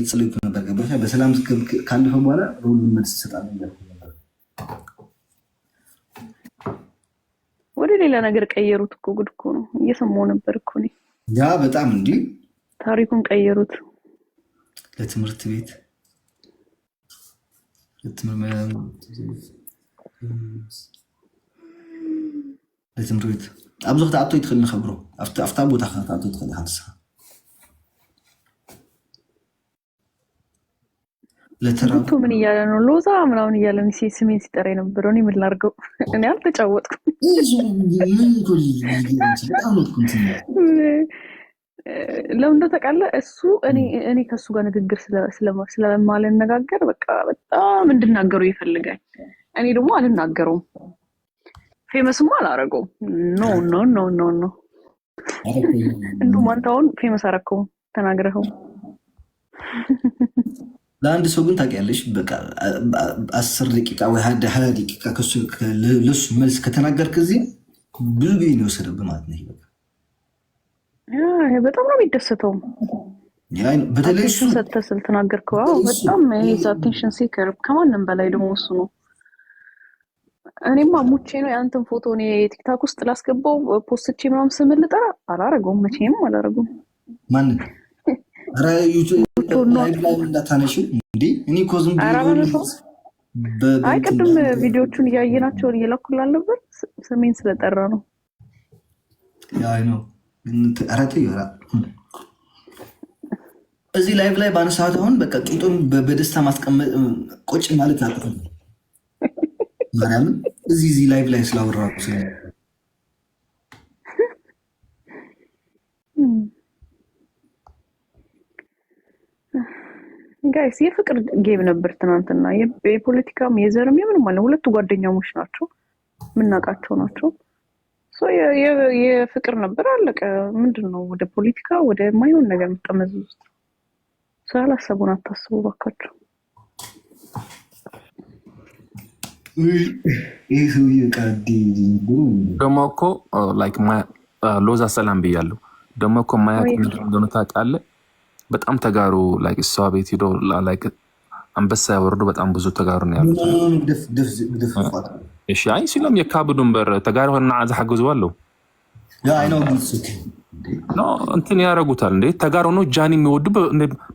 የተጸለይኩ ነበር። ገባሽ? በሰላም ካለፈ በኋላ በሁሉም መልስ ይሰጣል ነበር። ወደ ሌላ ነገር ቀየሩት እኮ ጉድ እኮ ነው። እየሰማሁ ነበር እኮ እኔ ያ በጣም እንዲህ ታሪኩን ቀየሩት። ለትምህርት ቤት ለትምህርት ቤት ኣብ ዝክትኣቶ ይትኽእል ንኸብሮ ኣብታ ቦታ ክትኣቶ ይትኽእል ኢኻ ትስኻ ለተራ ምን እያለ ነው ሎዛ ምናምን እያለ ስሜን ሲጠራ የነበረው ምን ላድርገው? እኔ አልተጫወጥኩም። ለምን እንደ ታውቃለህ፣ እሱ እኔ ከእሱ ጋር ንግግር ስለማልነጋገር በቃ በጣም እንድናገረው ይፈልጋል። እኔ ደግሞ አልናገረውም፣ ፌመስም አላረገውም። ኖ ኖ ኖ ኖ ኖ። እንዱ ማንታውን ፌመስ አረከው ተናግረኸው ለአንድ ሰው ግን ታውቂያለሽ፣ በቃ አስር ደቂቃ ወይ ሀያ ደቂቃ ለሱ መልስ ከተናገር እዚህ ብዙ ጊዜ ነው የወሰደብህ ማለት ነው። በጣም ነው የሚደሰተው። በተለይ ሰተህ ስልተናገርከው በጣም አቴንሽን ሲከር ከማንም በላይ ደግሞ እሱ ነው። እኔማ ሙቼ ነው የአንተን ፎቶ እኔ ቲክታክ ውስጥ ላስገባው ፖስትቼ ምናምን ስምልጠራ አላረገውም፣ መቼም አላረገውም ማንም አይ ቅድም ቪዲዮቹን እያየናቸውን እየላኩላ ነበር። ስሜን ስለጠራ ነው። እዚህ ላይቭ ላይ በአነሳት አሁን በቃ ቂጡን በደስታ ማስቀመጥ ቁጭ ማለት አቅም ማርያምን እዚህ እዚህ ላይቭ ላይ ስላወራ ስለ ጋይስ የፍቅር ጌም ነበር ትናንትና። የፖለቲካም የዘርም የምንም አለ ሁለቱ ጓደኛሞች ናቸው፣ የምናውቃቸው ናቸው። የፍቅር ነበር አለቀ። ምንድን ነው ወደ ፖለቲካ ወደ ማይሆን ነገር መጠመዝ ውስጥ ስላላሰቡን አታስቡ ባካቸው። ደግሞ እኮ ሎዛ ሰላም ብያለሁ። ደግሞ እኮ ማያውቅ ምንድን እንደሆነ ታውቃለህ በጣም ተጋሩ ላይ እሷ ቤት ሄዶ አንበሳ ያወርዱ በጣም ብዙ ተጋሩ ነው ያሉት። አይ ሲሎም የካብዱን በር ተጋሪ ሆና ዝሓግዝዎ ኣለው እንትን ያደረጉታል እንዴ ተጋሩ ነው ጃኒ የሚወዱ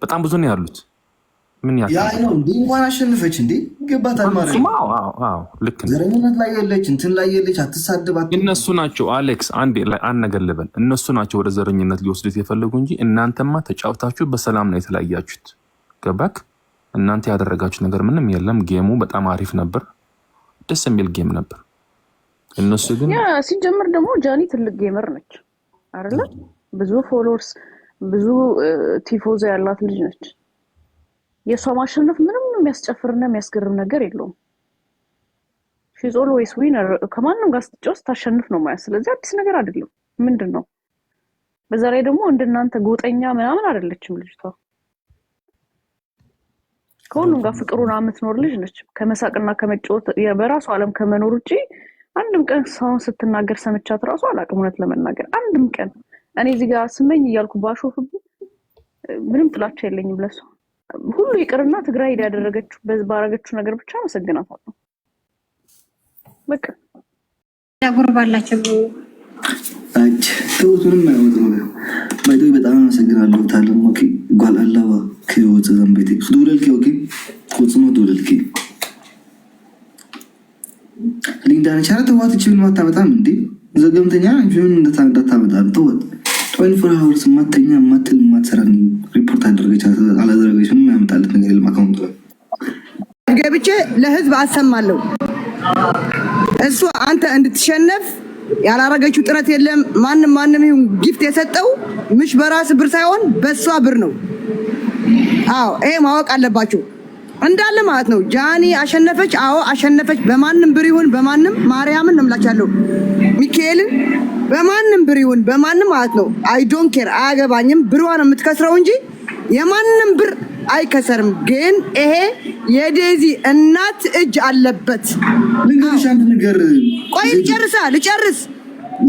በጣም ብዙ ነው ያሉት። ምን ያ ነው እንኳን አሸንፈች እንዴ ገባታል ማለት ዘረኝነት ላይ የለች እንትን ላይ የለች። አትሳድባት። እነሱ ናቸው አሌክስ፣ አንድ ነገር እነሱ ናቸው ወደ ዘረኝነት ሊወስዱት የፈለጉ እንጂ እናንተማ ተጫውታችሁ በሰላም ነው የተለያያችሁት። ገባክ? እናንተ ያደረጋችሁ ነገር ምንም የለም። ጌሙ በጣም አሪፍ ነበር፣ ደስ የሚል ጌም ነበር። እነሱ ግን ሲጀምር ደግሞ ጃኒ ትልቅ ጌመር ነች አይደለ? ብዙ ፎሎወርስ፣ ብዙ ቲፎዛ ያላት ልጅ ነች። የእሷ ማሸነፍ ምንም የሚያስጨፍርና የሚያስገርም ነገር የለውም። ሺዝ ኦልዌይስ ዊነር ከማንም ጋር ስትጫወት ስታሸንፍ ነው ማያ። ስለዚህ አዲስ ነገር አይደለም። ምንድን ነው በዛ ላይ ደግሞ እንደናንተ ጎጠኛ ምናምን አይደለችም ልጅቷ። ከሁሉም ጋር ፍቅሩን የምትኖር ልጅ ነች። ከመሳቅና ከመጫወት በራሱ ዓለም ከመኖር ውጭ አንድም ቀን ሰውን ስትናገር ሰምቻት ራሱ አላቅም። እውነት ለመናገር አንድም ቀን እኔ እዚህ ጋር ስመኝ እያልኩ ባሾፍብ ምንም ጥላቻ የለኝም ለሷ። ሁሉ ይቅርና ትግራይ ሄዳ ያደረገችው ባረገችው ነገር ብቻ አመሰግናታለሁ። በቃ ያጎርባላቸው ትውት ምንም አይወጥ ባይቶ በጣም አመሰግናለሁ። ታለሞ ጓል አላባ ከወፅ ዘንቤቴ ክዱለልኪ ኦኬ ኮጽሞ ዱለልኪ ሊንዳን ቻለ ተዋት ችብን ማታመጣም እንዴ ዘገምተኛ ምን እንዳታመጣም ተወት። ቶኒ ፎር ሀውርስ ማተኛ ማትል ማትሰራ አደረገች አላደረገች ያመጣለት ነገር የለም። አካውንት ላይ ገብቼ ለህዝብ አሰማለሁ። እሷ አንተ እንድትሸነፍ ያላረገችው ጥረት የለም። ማንም ማንም ይሁን ጊፍት የሰጠው ምሽ በራስ ብር ሳይሆን በእሷ ብር ነው። አዎ ይሄ ማወቅ አለባችሁ እንዳለ ማለት ነው። ጃኒ አሸነፈች። አዎ አሸነፈች። በማንም ብር ይሁን በማንም ማርያምን እምላቻለሁ፣ ሚካኤልን በማንም ብር ይሁን በማንም ማለት ነው። አይ ዶንት ኬር አያገባኝም። ብሯን የምትከስረው እንጂ የማንም ብር አይከሰርም። ግን ይሄ የዴዚ እናት እጅ አለበት። ልንገርሽ አንድ ነገር። ቆይ ልጨርሳ ልጨርስ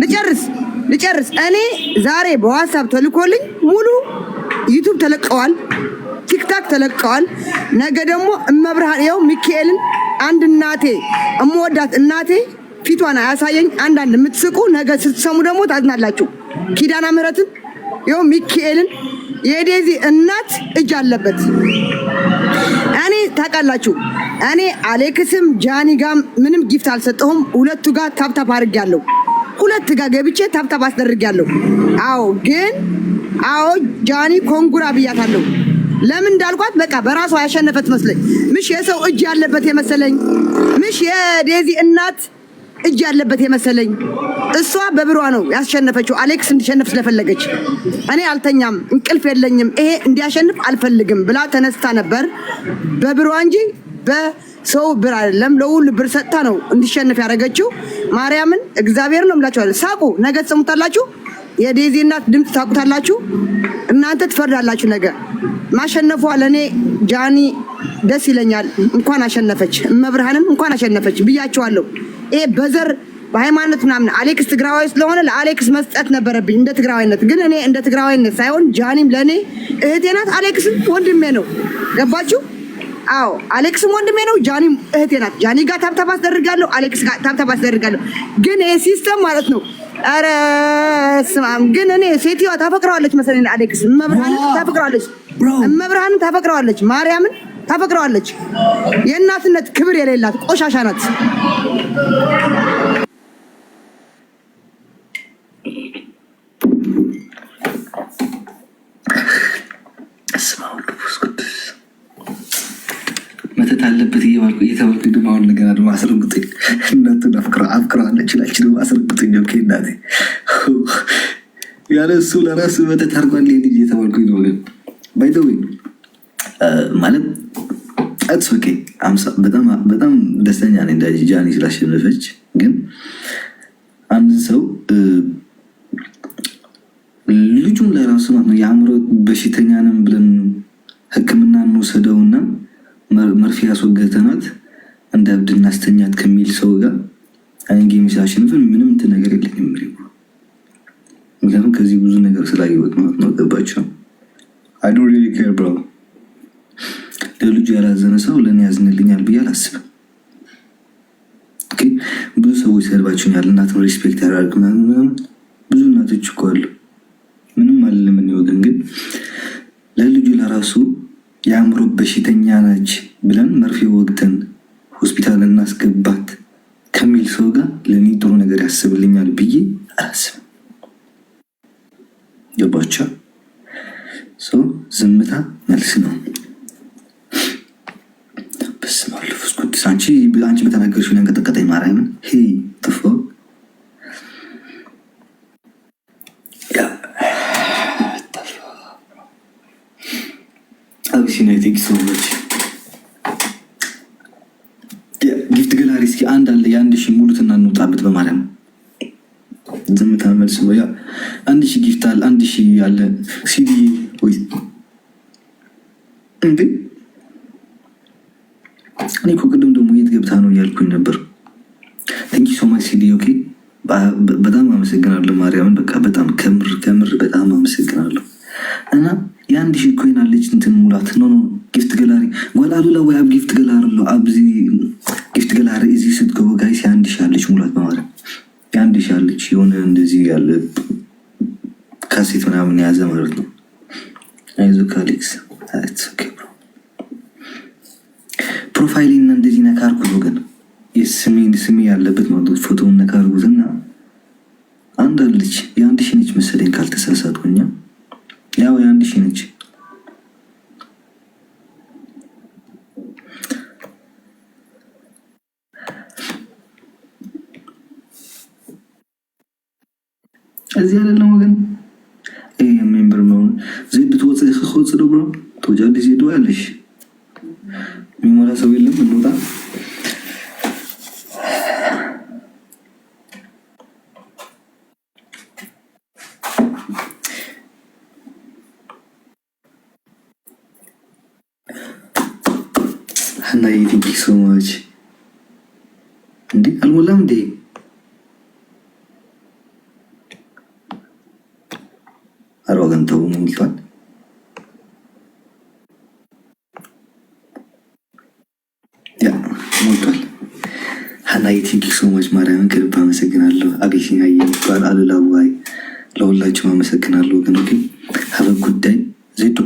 ልጨርስ ልጨርስ። እኔ ዛሬ በዋትሳፕ ተልኮልኝ ሙሉ ዩቱብ ተለቀዋል፣ ቲክታክ ተለቀዋል። ነገ ደግሞ እመብርሃን ይኸው ሚካኤልን አንድ እናቴ እምወዳት እናቴ ፊቷን አያሳየኝ። አንዳንድ የምትስቁ ነገ ስትሰሙ ደግሞ ታዝናላችሁ። ኪዳና ምህረትን ይኸው ሚካኤልን የዴዚ እናት እጅ አለበት። እኔ ታውቃላችሁ፣ እኔ አሌክስም ጃኒ ጋም ምንም ጊፍት አልሰጠሁም። ሁለቱ ጋር ታብታብ አድርጌያለሁ። ሁለት ጋር ገብቼ ታብታብ አስደርጌያለሁ። አዎ ግን አዎ ጃኒ ኮንጉራ ብያታለሁ። ለምን እንዳልኳት በቃ በራሷ ያሸነፈት መስለኝ። ምሽ የሰው እጅ ያለበት የመሰለኝ ምሽ የዴዚ እናት እጅ ያለበት የመሰለኝ እሷ በብሯ ነው ያሸነፈችው። አሌክስ እንዲሸነፍ ስለፈለገች እኔ አልተኛም፣ እንቅልፍ የለኝም፣ ይሄ እንዲያሸንፍ አልፈልግም ብላ ተነስታ ነበር። በብሯ እንጂ በሰው ብር አይደለም። ለሁሉ ብር ሰጥታ ነው እንዲሸነፍ ያደረገችው። ማርያምን እግዚአብሔር ነው ምላቸዋል። ሳቁ፣ ነገ ትሰሙታላችሁ። የዴዚ እናት ድምፅ ታቁታላችሁ። እናንተ ትፈርዳላችሁ ነገ። ማሸነፏ ለእኔ ጃኒ ደስ ይለኛል። እንኳን አሸነፈች፣ እመብርሃንም እንኳን አሸነፈች ብያቸዋለሁ። ይሄ በዘር በሃይማኖት ምናምን አሌክስ ትግራዋይ ስለሆነ ለአሌክስ መስጠት ነበረብኝ እንደ ትግራዋይነት። ግን እኔ እንደ ትግራዋይነት ሳይሆን ጃኒም ለእኔ እህቴ ናት፣ አሌክስም ወንድሜ ነው። ገባችሁ? አዎ አሌክስም ወንድሜ ነው፣ ጃኒም እህቴ ናት። ጃኒ ጋር ታብታብ አስደርጋለሁ፣ አሌክስ ጋር ታብታብ አስደርጋለሁ። ግን ይሄ ሲስተም ማለት ነው። ኧረ ስማም፣ ግን እኔ ሴትዮዋ ታፈቅረዋለች መሰለኝ አሌክስ። እመብርሃንን ታፈቅረዋለች፣ እመብርሃንን ታፈቅረዋለች ማርያምን ታፈቅረዋለች። የእናትነት ክብር የሌላት ቆሻሻ ናት። መተት አለበት እየባልኩ እየተባልኩ ነገር አስረግጡኝ። አስረግጡኝ። ኦኬ እናቴ ያለ እሱ ለራሱ መተት አድርጓል ልጅ እየተባልኩኝ ነው ግን ማለት ኢትስ ኦኬ በጣም ደስተኛ ነኝ ጃኒ ስላሸነፈች። ግን አንድ ሰው ልጁን ለራሱ ማለት ነው የአእምሮ በሽተኛ ነን ብለን ሕክምና እንወሰደውና መርፌ ያስወገተናት እንደ እብድ እናስተኛት ከሚል ሰው ጋር አንጌ ሚሳሽንፍን ምንም እንትን ነገር የለኝም። ምክንያቱም ከዚህ ብዙ ነገር ስላየወጥ ማለት ነው ገባቸው አይዶን ሪሊ ኬር ብራው ለልጁ ያላዘነ ሰው ለእኔ ያዝንልኛል ብዬ አላስብም። ብዙ ሰዎች ሰድባችሁኛል፣ እናትን ሪስፔክት ያደርግ ብዙ እናቶች እኮ አሉ። ምንም አልልም እኔ ወገን፣ ግን ለልጁ ለራሱ የአእምሮ በሽተኛ ናች ብለን መርፌ ወግተን ሆስፒታል እናስገባት ከሚል ሰው ጋር ለእኔ ጥሩ ነገር ያስብልኛል ብዬ አላስብም። ገባቻ ሰው ዝምታ መልስ ነው። አንቺ በተናገርሽ ነው ያንቀጠቀጠኝ። ማርያምን ሄይ ጥፎ አቢሲናይቲክ ሰዎች ጊፍት ገላሪ እስኪ አንድ አለ የአንድ ሺህ ሙሉትና እንውጣበት በማርያም ዝምታ መልስ ያ አንድ ሺ ጊፍት አለ አንድ ሺ አለ ሲዲ ወይ እንዴ እኔ እኮ ቅድም ገብታ ነው እያልኩኝ ነበር። ተንኪ ሶማች ሲዲ ኦኬ። በጣም አመሰግናለሁ ማርያምን፣ በቃ በጣም ከምር ከምር በጣም አመሰግናለሁ። እና የአንድ ሺ ኮይና ልጅ እንትን ሙላት ኖ ጊፍት ገላሪ ጓላሉላ ወይ አብ ጊፍት ገላርሎ አብዚ ፕሮፋይልና እንደዚህ ነካ አድርጉት ወገን፣ የስሜን ስሜ ያለበት ማለት ፎቶውን ነካ አድርጉትና አንድ አለች የአንድ ሺህ ነች መሰለኝ ካልተሳሳትኩኝ፣ ያው የአንድ ሺህ ነች። እዚህ አይደለም ወገን ሜምበር መሆን ዜድ ትወፅ ክወፅ ድብሮ ዲዜ ዜድ ያለሽ duda. Ana, thank sin o subirles የሚባል ሰው የለም እንውጣ እና የትንኪ ሰዎች እ ን n d ል a ላ ም እንዴ አረ ወገን ተው ምን ይላል ሞልቷል። ቲንክ ሶ ማች ማርያምን ከልብ አመሰግናለሁ። አገሽኛ የሚባል አሉላ ዋይ ለሁላችሁም አመሰግናለሁ ግን ግን ሀበ ጉዳይ ዜዶ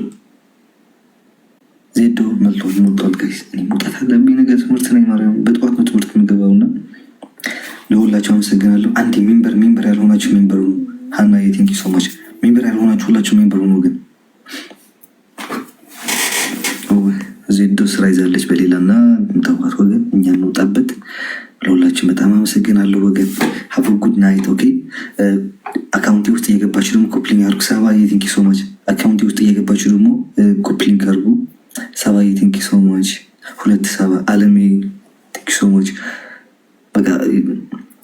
ዜዶ መልቶ ሞልቷል። ጋይስ ሙጣት አለብኝ ነገር ትምህርት ነኝ። ማርያም በጠዋት ነው ትምህርት የምገባው እና ለሁላችሁ አመሰግናለሁ። አንድ ሜምበር ሜምበር ያልሆናችሁ ሜምበር ሀናዬ ሶ ማች ሜምበር ያልሆናችሁ ሁላችሁ ሜምበር ሆኑ ግን አመሰግናለሁ ወገን። ሀቭ ጉድ ናይት ኦኬ። አካውንቴ ውስጥ እየገባችሁ ደግሞ ኮፕሊንግ አድርጉ። ሰባ የቲንኪ ሶማች። አካውንቴ ውስጥ እየገባችሁ ደግሞ ኮፕሊንግ uh, አድርጉ። ሰባ የቲንኪ ሶማች። ሁለት ሰባ አለሜ ቲንኪ ሶማች። በቃ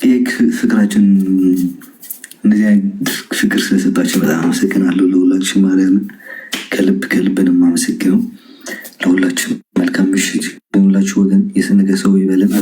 ይህ ፍቅራችን እንደዚህ አይነት ፍቅር ስለሰጣቸው በጣም አመሰግናለሁ። ለሁላችን ማርያምን ከልብ ከልብን የማመሰግነው። ለሁላችን መልካም ምሽት። ለሁላችሁ ወገን የሰነገ ሰው ይበለን።